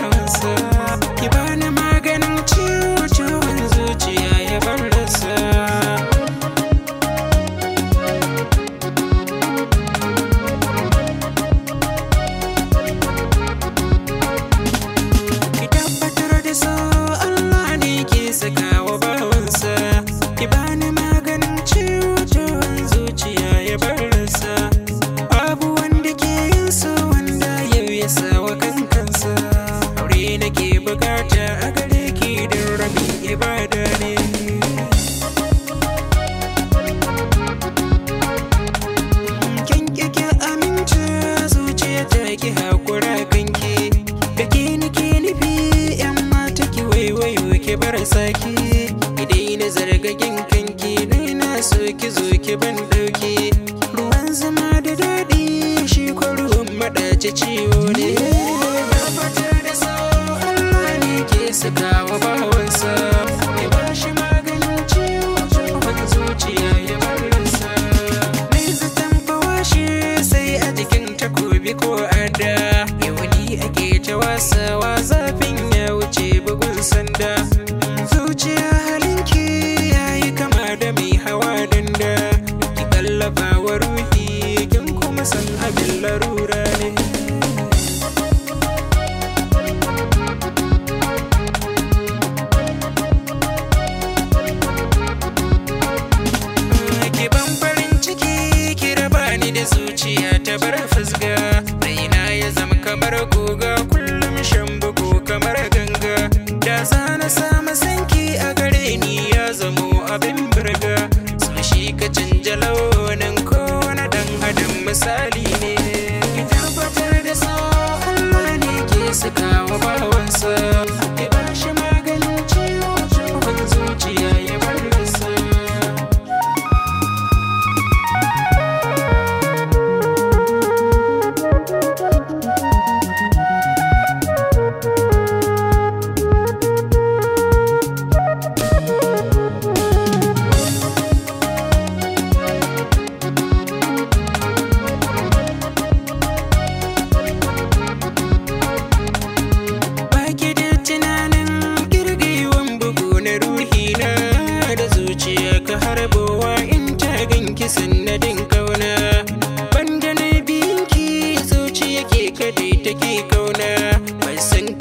balançar. bukata a gare ki don rabin ibada ne kin kike amince zuciya ta ki hakura kanki da ke nake nufi yan mata ki waiwayo ki bar saki idai na zargagin kanki ni na so ki zo ki ban dauki ruwan zama da daɗi shi kwaro ruwan ciwo ne suka wa bawansa ya ba shi maganin ciwon ciwon zuciya ya barinsa mai zaton shi sai a jikin takobi ko ada ya wani ake ta wasawa zafin ya wuce bugun sanda zuciya halinki ya yi kama da mai hawa danda ki kallafa wa ruhi kin kuma sanda ta bar fusga raina ya zama kamar guga kullum shan bugu kamar ganga da zana sama sanki a gare ni ya zamo abin birga su shi ka canja launin kowane dan adam misali ne ki tabbatar da sa Allah ne ke sakawa bawansa ta harbowa in ta ganki sannadin kauna banda na biyinki zuciya ke kadai take kauna ban san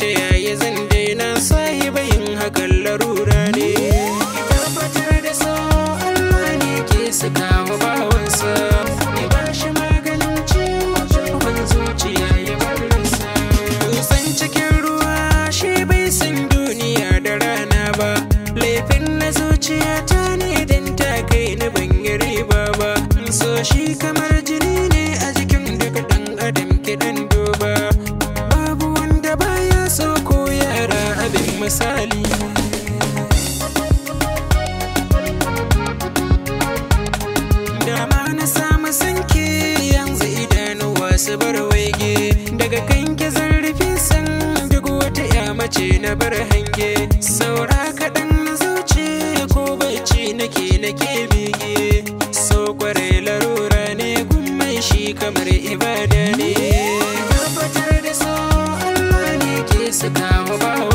Gashi kamar jini ne a jikin duk ɗan adam kiɗan duba Babu wanda baya so ko yara abin misali Dama na samu sanke yanzu idanuwa su bar waige Daga kanke zarrafi san duk wata mace na bar hange Saura kaɗan na zuce ko bacci nake nake bege waste of time.